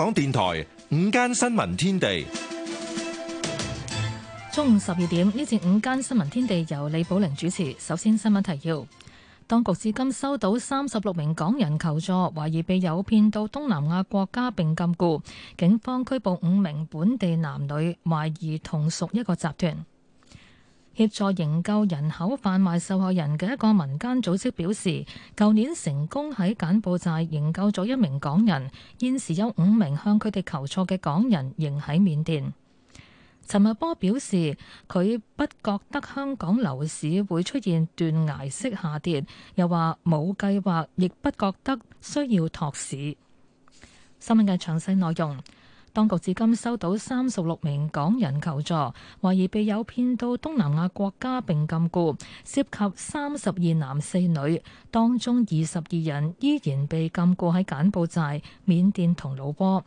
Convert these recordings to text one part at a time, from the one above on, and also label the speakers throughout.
Speaker 1: 香港電台午間新聞天地，
Speaker 2: 中午十二點，呢節午間新聞天地由李寶玲主持。首先新聞提要：當局至今收到三十六名港人求助，懷疑被誘騙到東南亞國家並禁錮，警方拘捕五名本地男女，懷疑同屬一個集團。協助營救人口販賣受害人嘅一個民間組織表示，舊年成功喺柬埔寨營救咗一名港人，現時有五名向佢哋求助嘅港人仍喺緬甸。陳茂波表示，佢不覺得香港樓市會出現斷崖式下跌，又話冇計劃，亦不覺得需要托市。新聞嘅詳細內容。當局至今收到三十六名港人求助，懷疑被誘騙到東南亞國家並禁錮，涉及三十二男四女，當中二十二人依然被禁錮喺柬埔寨、緬甸同老撾。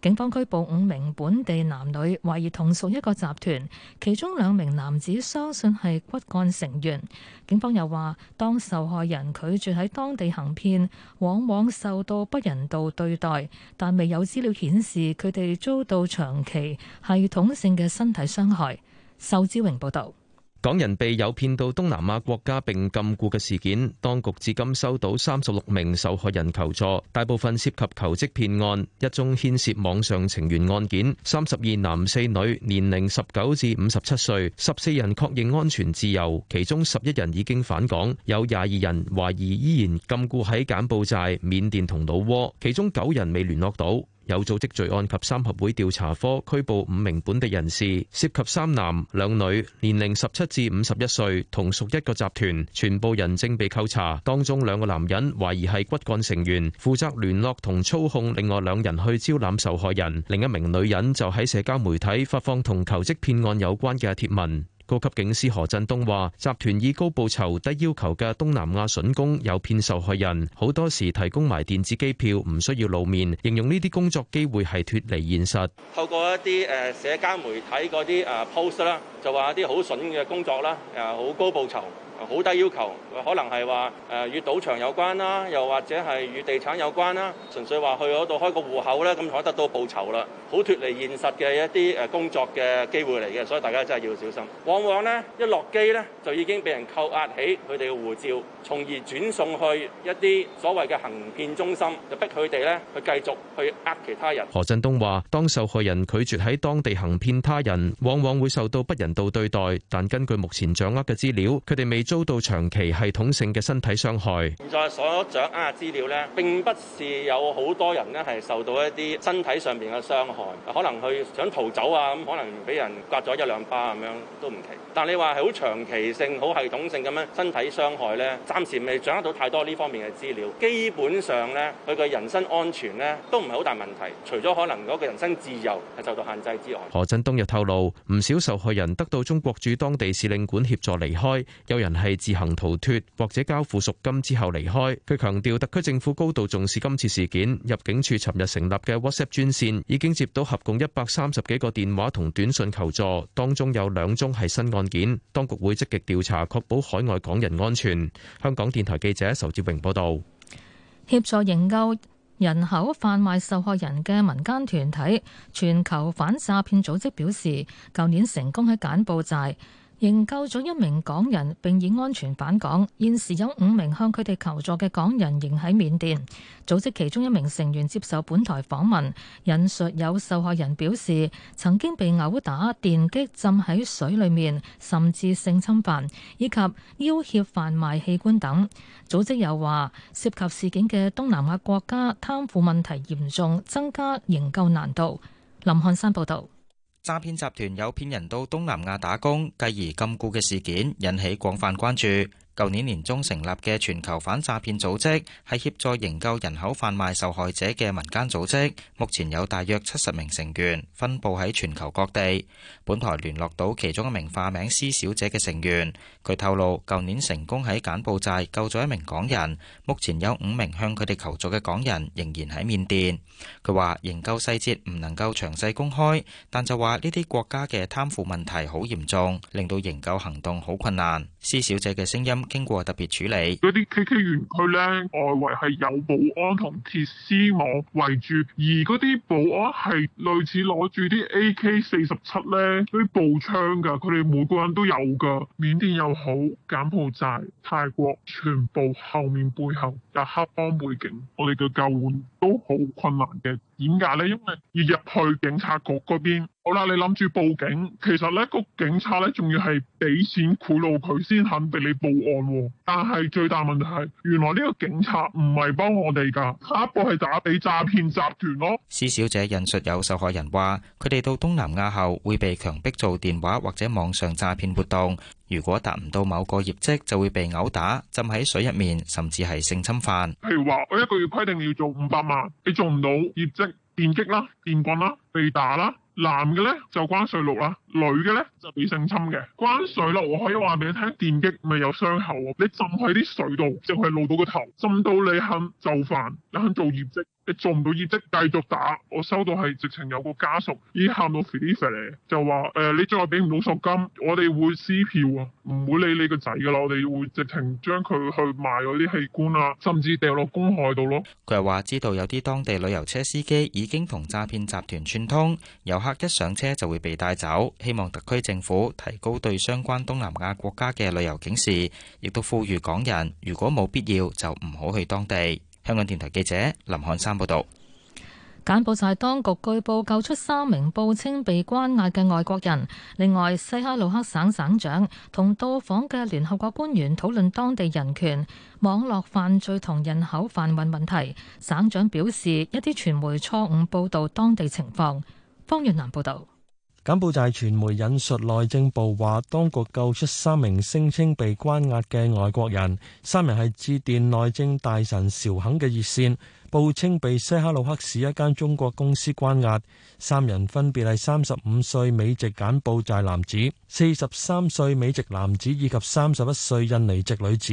Speaker 2: 警方拘捕五名本地男女，懷疑同屬一個集團，其中兩名男子相信係骨幹成員，警方又話，當受害人拒絕喺當地行騙，往往受到不人道對待，但未有資料顯示佢哋遭到長期系統性嘅身體傷害。仇之榮報道。
Speaker 3: 港人被誘騙到東南亞國家並禁錮嘅事件，當局至今收到三十六名受害人求助，大部分涉及求職騙案，一宗牽涉網上情緣案件，三十二男四女，年齡十九至五十七歲，十四人確認安全自由，其中十一人已經返港，有廿二人懷疑依然禁錮喺柬埔寨、緬甸同老撾，其中九人未聯絡到。有組織罪案及三合會調查科拘捕五名本地人士，涉及三男兩女，年齡十七至五十一歲，同屬一個集團，全部人正被扣查。當中兩個男人懷疑係骨幹成員，負責聯絡同操控另外兩人去招攬受害人。另一名女人就喺社交媒體發放同求職騙案有關嘅貼文。高級警司何振東話：集團以高報酬、低要求嘅東南亞笋工有騙受害人，好多時提供埋電子機票，唔需要露面，形容呢啲工作機會係脫離現實。
Speaker 4: 透過一啲誒社交媒體嗰啲誒 post 啦，就話一啲好笋嘅工作啦，誒好高報酬，好低要求，可能係話誒與賭場有關啦，又或者係與地產有關啦，純粹話去嗰度開個戶口咧，咁就可以得到報酬啦，好脫離現實嘅一啲誒工作嘅機會嚟嘅，所以大家真係要小心。往往咧一落機咧，就已經被人扣押起佢哋嘅護照。從而轉送去一啲所謂嘅行騙中心，就逼佢哋咧去繼續去呃其他人。
Speaker 3: 何振東話：當受害人拒絕喺當地行騙他人，往往會受到不人道對待。但根據目前掌握嘅資料，佢哋未遭到長期系統性嘅身體傷害。
Speaker 4: 現在所掌握嘅資料咧，並不是有好多人咧係受到一啲身體上邊嘅傷害，可能佢想逃走啊，咁可能俾人刮咗一兩巴咁樣都唔奇。但你話係好長期性、好系統性咁樣身體傷害咧？暫時未掌握到太多呢方面嘅資料，基本上呢，佢嘅人身安全呢都唔係好大問題，除咗可能嗰個人身自由係受到限制
Speaker 3: 之外。何振東又透露，唔少受害人得到中國駐當地使領館協助離開，有人係自行逃脫或者交付贖金之後離開。佢強調，特區政府高度重視今次事件，入境處尋日成立嘅 WhatsApp 專線已經接到合共一百三十幾個電話同短信求助，當中有兩宗係新案件，當局會積極調查，確保海外港人安全。香港電台記者仇志榮報道，
Speaker 2: 協助營救人口販賣受害人嘅民間團體全球反詐騙組織表示，舊年成功喺柬埔寨。營救咗一名港人並已安全返港，現時有五名向佢哋求助嘅港人仍喺緬甸。組織其中一名成員接受本台訪問，引述有受害人表示曾經被毆打、電擊、浸喺水裡面，甚至性侵犯，以及要挾販賣賣器官等。組織又話，涉及事件嘅東南亞國家貪腐問題嚴重，增加營救難度。林漢山報導。
Speaker 5: 詐騙集團有騙人到東南亞打工，繼而禁錮嘅事件引起廣泛關注。舊年年中成立嘅全球反詐騙組織係協助營救人口販賣受害者嘅民間組織，目前有大約七十名成員，分佈喺全球各地。本台聯絡到其中一名化名施小姐嘅成員，佢透露，舊年成功喺柬埔寨救咗一名港人，目前有五名向佢哋求助嘅港人仍然喺緬甸。佢話營救細節唔能夠詳細公開，但就話呢啲國家嘅貪腐問題好嚴重，令到營救行動好困難。施小姐嘅聲音。經過特別處理，嗰啲 KK 園
Speaker 6: 區呢，外圍係有保安同鐵絲網圍住，而嗰啲保安係類似攞住啲 AK 四十七呢啲步槍噶，佢哋每個人都有噶。緬甸又好，柬埔寨、泰國全部後面背後有黑幫背景，我哋嘅救援都好困難嘅。點解呢？因為要入去警察局嗰邊，好啦，你諗住報警，其實呢個警察呢，仲要係俾錢賄賂佢先肯俾你報案喎。但係最大問題係，原來呢個警察唔係幫我哋㗎，下一步係打俾詐騙集團咯，哦。
Speaker 5: 施小姐引述有受害人話，佢哋到東南亞後，會被強迫做電話或者網上詐騙活動。如果達唔到某個業績，就會被毆打、浸喺水入面，甚至係性侵犯。
Speaker 6: 譬如話，我一個月規定要做五百萬，你做唔到業績，電擊啦、電棍啦、被打啦。男嘅呢就關水牢啦，女嘅呢就俾性侵嘅關水牢。我可以話俾你聽，電擊咪有傷口喎，你浸喺啲水度，淨係露到個頭，浸到你肯就範，你肯做業績。你做唔到業績，繼續打。我收到係直情有個家屬，已經喊到發啲發嚟，就話：誒，你再俾唔到贖金，我哋會撕票啊！唔會理你個仔
Speaker 5: 㗎喇，我哋會直情將佢去賣嗰啲器官啊，甚至掉落公海度咯。佢又話：知道有啲當地旅遊車司機已經同詐騙集團串通，遊客一上車就會被帶走。希望特區政府提高對相關東南亞國家嘅旅遊警示，亦都呼籲港人如果冇必要就唔好去當地。香港電台記者林漢山報道，
Speaker 2: 柬埔寨當局據報救出三名報稱被關押嘅外國人。另外，西哈努克省省長同到訪嘅聯合國官員討論當地人權、網絡犯罪同人口販運問題。省長表示，一啲傳媒錯誤報道當地情況。方潤南報道。
Speaker 1: 柬埔寨傳媒引述內政部話，當局救出三名聲稱被關押嘅外國人，三人係致電內政大臣邵肯嘅熱線，報稱被西哈努克市一間中國公司關押。三人分別係三十五歲美籍柬埔寨男子、四十三歲美籍男子以及三十一歲印尼籍女子，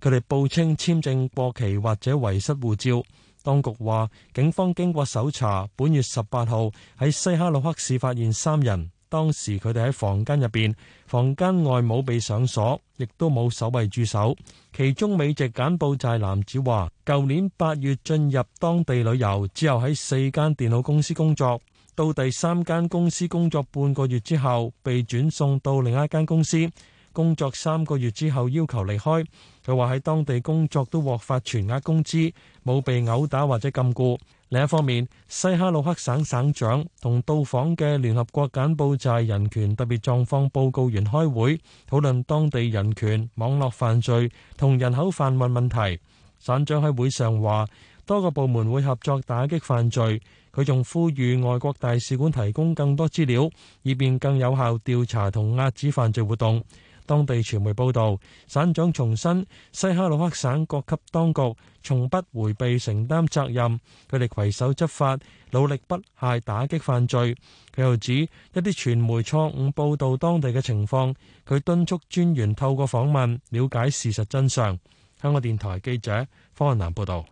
Speaker 1: 佢哋報稱簽證過期或者遺失護照。當局話，警方經過搜查，本月十八號喺西哈努克市發現三人，當時佢哋喺房間入面，房間外冇被上鎖，亦都冇守衛駐守。其中美籍柬埔寨男子話，舊年八月進入當地旅遊，之後喺四間電腦公司工作，到第三間公司工作半個月之後，被轉送到另一間公司工作三個月之後，要求離開。佢話喺當地工作都獲發全額工資，冇被毆打或者禁錮。另一方面，西哈努克省省長同到訪嘅聯合國柬埔寨人權特別狀況報告員開會，討論當地人權、網絡犯罪同人口販運問題。省長喺會上話，多個部門會合作打擊犯罪。佢仲呼籲外國大使館提供更多資料，以便更有效調查同遏止犯罪活動。當地傳媒報導，省長重申西哈努克省各級當局從不迴避承擔責任，佢哋攜手執法，努力不懈打擊犯罪。佢又指一啲傳媒錯誤報導當地嘅情況，佢敦促專員透過訪問了解事實真相。香港電台記者方雲南報導。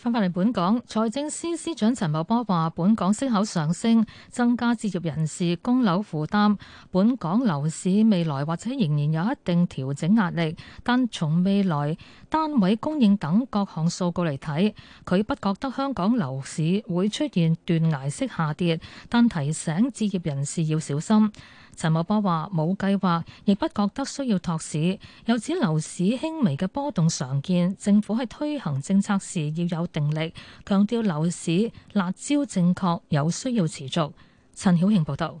Speaker 7: 翻返
Speaker 2: 嚟本港，財政司司長陳茂波話：本港息口上升，增加置業人士供樓負擔。本港樓市未來或者仍然有一定調整壓力，但從未來單位供應等各項數據嚟睇，佢不覺得香港樓市會出現斷崖式下跌，但提醒置業人士要小心。陳茂波話：冇計劃，亦不覺得需要托市。又指樓市輕微嘅波動常見，政府喺推行政策時要有定力。強調樓市辣招正確，有需要持續。陳曉慶報道。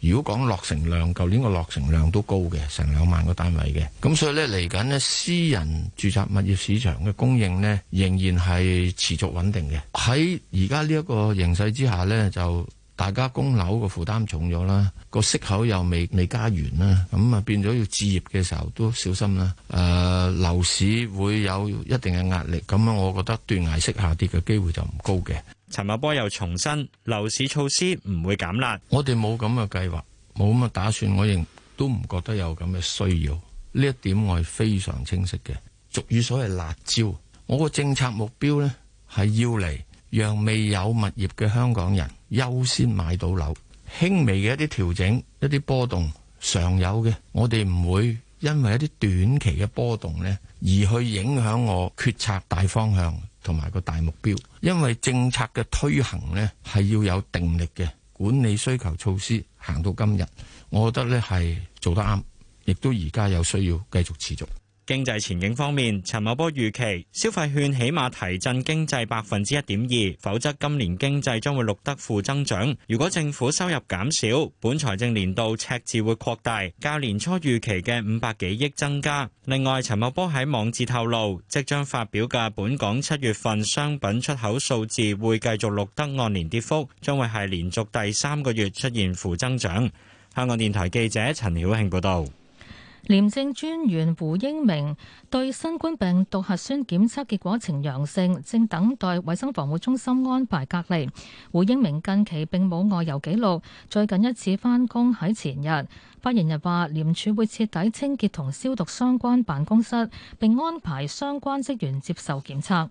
Speaker 8: 如果講落成量，舊年個落成量都高嘅，成兩萬個單位嘅。咁所以咧，嚟緊呢私人住宅物業市場嘅供應呢，仍然係持續穩定嘅。喺而家呢一個形勢之下呢，就大家供樓個負擔重咗啦，個息口又未未加完啦，咁啊變咗要置業嘅時候都小心啦。誒、呃，樓市會有一定嘅壓力，咁啊，我覺得斷崖式下跌嘅機會就唔高嘅。陳茂波
Speaker 9: 又重申樓市措施唔會減辣，
Speaker 8: 我哋冇咁嘅計劃，冇咁嘅打算，我亦都唔覺得有咁嘅需要。呢一點我係非常清晰嘅。俗語所謂辣椒，我個政策目標呢係要嚟讓未有物業嘅香港人優先買到樓。輕微嘅一啲調整，一啲波動，常有嘅，我哋唔會因為一啲短期嘅波動呢而去影響我決策大方向。同埋個大目標，因為政策嘅推行呢係要有定力嘅管理需求措施，行到今日，我覺得呢係做得啱，亦都而家有需要繼續持續。
Speaker 9: 經濟前景方面，陳茂波預期消費券起碼提振經濟百分之一點二，否則今年經濟將會錄得負增長。如果政府收入減少，本財政年度赤字會擴大，較年初預期嘅五百幾億增加。另外，陳茂波喺網誌透露，即將發表嘅本港七月份商品出口數字會繼續錄得按年跌幅，將會係連續第三個月出現負增長。香港電台記者陳曉慶報道。
Speaker 2: 廉政專員胡英明對新冠病毒核酸檢測結果呈陽性，正等待衛生防護中心安排隔離。胡英明近期並冇外遊記錄，最近一次返工喺前日。發言人話，廉署會徹底清潔同消毒相關辦公室，並安排相關職員接受檢測。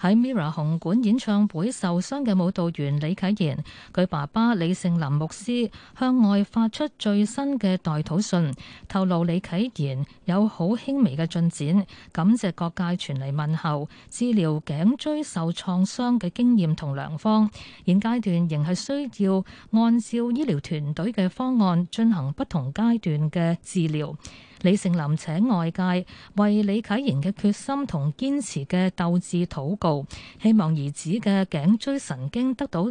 Speaker 2: 喺 MIRROR 紅館演唱會受傷嘅舞蹈員李啟賢，佢爸爸李盛林牧師向外發出最新嘅代禱信，透露李啟賢有好輕微嘅進展，感謝各界傳嚟問候，治療頸椎受創傷嘅經驗同良方，現階段仍係需要按照醫療團隊嘅方案進行不同階段嘅治療。李成林請外界為李啟賢嘅決心同堅持嘅鬥志禱告，希望兒子嘅頸椎神經得到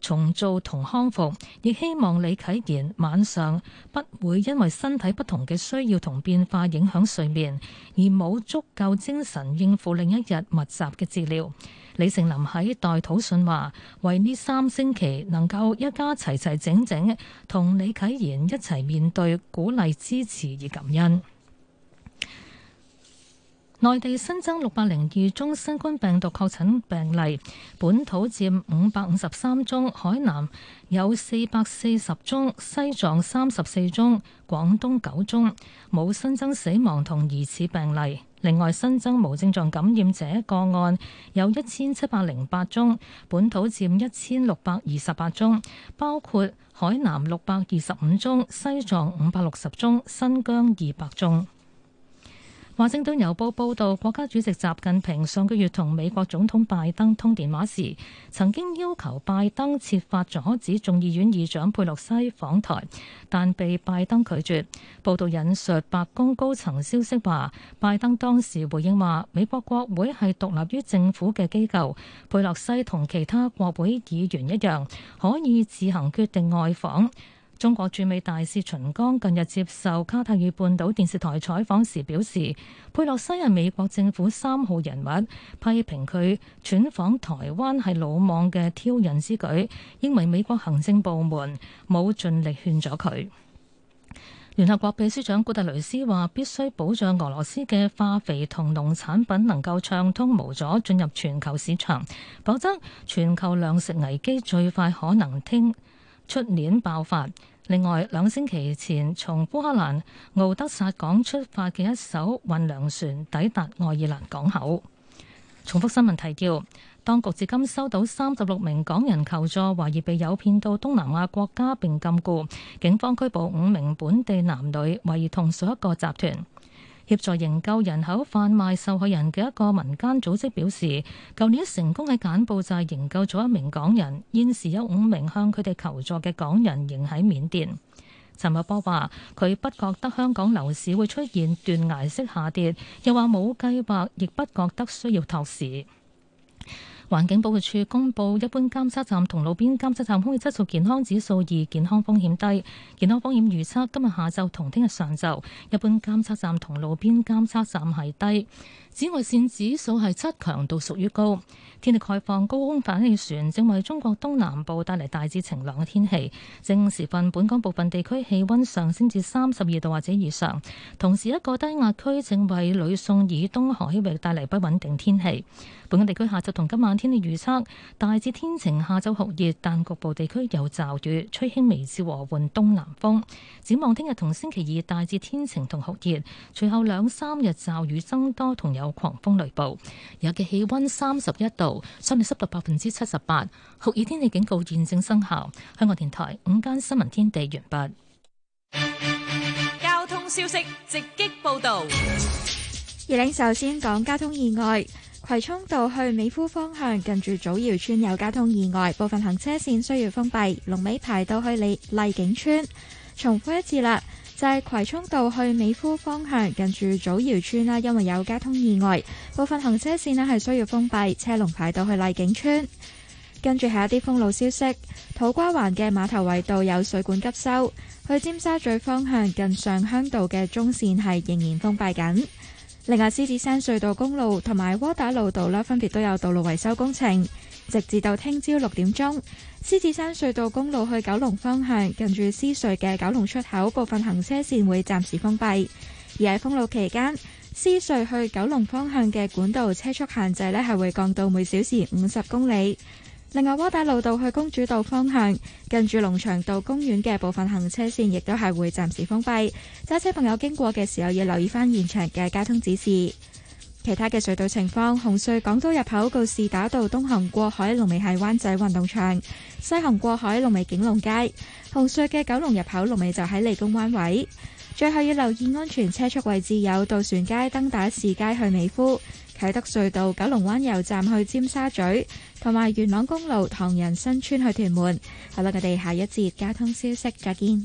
Speaker 2: 重造同康復，亦希望李啟賢晚上不會因為身體不同嘅需要同變化影響睡眠，而冇足夠精神應付另一日密集嘅治療。.李成林喺代禱信話：為呢三星期能夠一家齊齊整整，同李啟賢一齊面對，鼓勵支持而感恩。內地新增六百零二宗新冠病毒確診病例，本土佔五百五十三宗，海南有四百四十宗，西藏三十四宗，廣東九宗，冇新增死亡同疑似病例。另外新增無症狀感染者個案有一千七百零八宗，本土佔一千六百二十八宗，包括海南六百二十五宗，西藏五百六十宗，新疆二百宗。《華盛頓郵報》報導，國家主席習近平上個月同美國總統拜登通電話時，曾經要求拜登設法阻止眾議院議長佩洛西訪台，但被拜登拒絕。報導引述白宮高層消息話，拜登當時回應話：美國國會係獨立於政府嘅機構，佩洛西同其他國會議員一樣，可以自行決定外訪。中國駐美大使秦剛近日接受卡塔爾半島電視台採訪時表示，佩洛西係美國政府三號人物，批評佢竄訪台灣係魯莽嘅挑釁之舉，認為美國行政部門冇盡力勸阻佢。聯合國秘書長古特雷斯話，必須保障俄羅斯嘅化肥同農產品能夠暢通無阻進入全球市場，否則全球糧食危機最快可能聽出年爆發。另外，兩星期前從烏克蘭奧德薩港出發嘅一艘運糧船抵達愛爾蘭港口。重複新聞提要，當局至今收到三十六名港人求助，懷疑被誘騙到東南亞國家並禁錮。警方拘捕五名本地男女，懷疑同屬一個集團。協助營救人口販賣受害人嘅一個民間組織表示，舊年成功喺柬埔寨營救咗一名港人，現時有五名向佢哋求助嘅港人仍喺緬甸。陳茂波話：佢不覺得香港樓市會出現斷崖式下跌，又話冇計劃，亦不覺得需要托市。環境保護署公布，一般監測站同路邊監測站空氣質素健康指數二，健康風險低。健康風險預測今日下晝同聽日上晝，一般監測站同路邊監測站係低。紫外線指數係七，強度屬於高。天氣概況。高空反氣旋正為中國東南部帶嚟大致晴朗嘅天氣。正時分，本港部分地區氣温上升至三十二度或者以上。同時，一個低壓區正為呂宋以東海域帶嚟不穩定天氣。本港地區下晝同今晚天氣預測大致天晴，下晝酷熱，但局部地區有驟雨，吹輕微至和緩東南風。展望聽日同星期二大致天晴同酷熱，隨後兩三日驟雨增多同有。有狂風雷暴，有嘅氣温三十一度，相對濕度百分之七十八，酷熱天氣警告現正生效。香港電台午間新聞天地完畢。交通消息直擊報道。
Speaker 7: 二領首先講交通意外，葵涌道去美孚方向近住祖堯邨有交通意外，部分行車線需要封閉。龍尾排到去荔景邨，重複一次啦。就係葵涌道去美孚方向，近住祖堯村啦，因為有交通意外，部分行車線咧係需要封閉，車龍排到去麗景村。跟住下一啲封路消息，土瓜灣嘅碼頭圍道有水管急收，去尖沙咀方向近上鄉道嘅中線係仍然封閉緊。另外，獅子山隧道公路同埋窩打老道啦，分別都有道路維修工程。直至到聽朝六點鐘，獅子山隧道公路去九龍方向近住獅隧嘅九龍出口部分行車線會暫時封閉，而喺封路期間，獅隧去九龍方向嘅管道車速限制呢係會降到每小時五十公里。另外，窩打老道去公主道方向近住龍翔道公園嘅部分行車線亦都係會暫時封閉，揸車朋友經過嘅時候要留意翻現場嘅交通指示。其他嘅隧道情況，紅隧港島入口告士打道東行過海龍尾係灣仔運動場，西行過海龍尾景隆街；紅隧嘅九龍入口龍尾就喺利公灣位。最後要留意安全車速位置有渡船街、登打士街、去美孚、啟德隧道九龍灣油站去尖沙咀、，同埋元朗公路唐人新村去屯門。好啦，我哋下一節交通消息再見。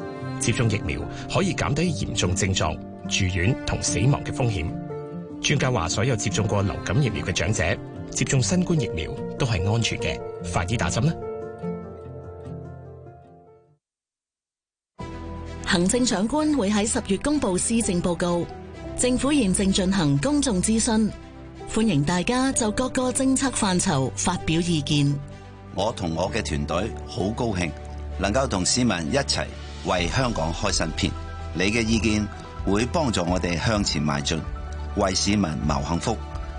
Speaker 8: 接種疫苗，可以減低嚴重症狀、住院同死亡嘅風險。專家話，所有接種過流感疫苗嘅長者接種新冠疫苗都係安全嘅，快啲打
Speaker 5: 針啦！
Speaker 2: 行政長官會喺十月公布施政報告，政府現正進行公眾諮詢，歡迎大家就各個政策範疇發表意見。我
Speaker 9: 同我嘅團隊好高興，能夠同市民一齊。為香港開新篇，你嘅意見會幫助我哋向前邁進，為市民謀幸福，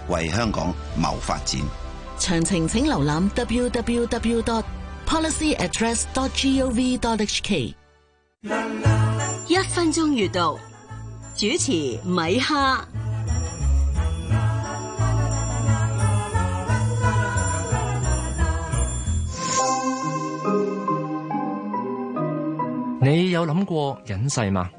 Speaker 9: 為香港謀發展。
Speaker 2: 詳情請瀏覽 www.policyaddress.gov.hk。 一
Speaker 10: 分鐘閱讀，主持米哈。你有諗過隱世嗎？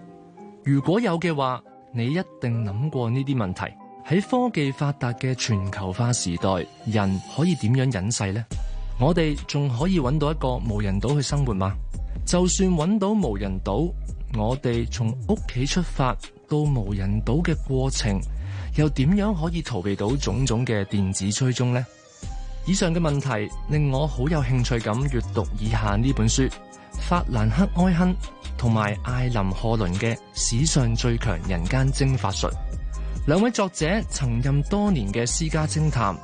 Speaker 10: 如果有嘅話，你一定諗過呢啲問題。喺科技發達嘅全球化時代，人可以點樣隱世呢？我哋仲可以揾到一個無人島去生活嗎？就算揾到無人島，我哋從屋企出發到無人島嘅過程，又點樣可以逃避到種種嘅電子追蹤呢？以上嘅問題令我好有興趣咁閱讀以下呢本書。法蘭克·埃亨同埋艾林·賀倫嘅史上最強人間蒸發術，兩位作者曾任多年嘅私家偵探，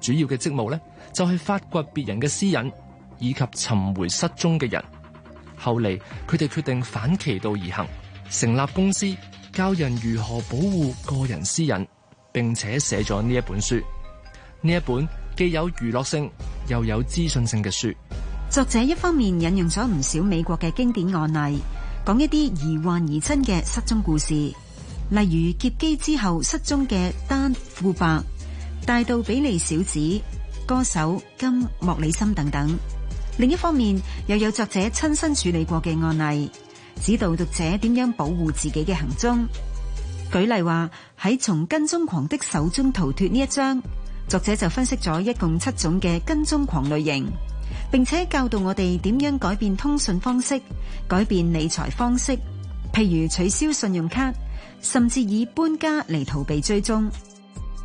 Speaker 10: 主要嘅職務咧就係發掘別人嘅私隱以及尋回失蹤嘅人。後嚟佢哋決定反其道而行，成立公司教人如何保護個人私隱，並且寫咗呢一本書，呢一本既有娛樂性又有資訊性嘅書。
Speaker 7: 作者一方面引用咗唔少美國嘅經典案例，講一啲疑幻疑真嘅失蹤故事，例如劫機之後失蹤嘅丹·庫伯、大盜比利小子、歌手金·莫里森等等。另一方面又有作者親身處理過嘅案例，指導讀者點樣保護自己嘅行蹤。舉例話喺從跟蹤狂的手中逃脫呢一章，作者就分析咗一共七種嘅跟蹤狂類型。並且教導我哋點樣改變通訊方式、改變理財方式，譬如取消信用卡，甚至以搬家嚟逃避追蹤。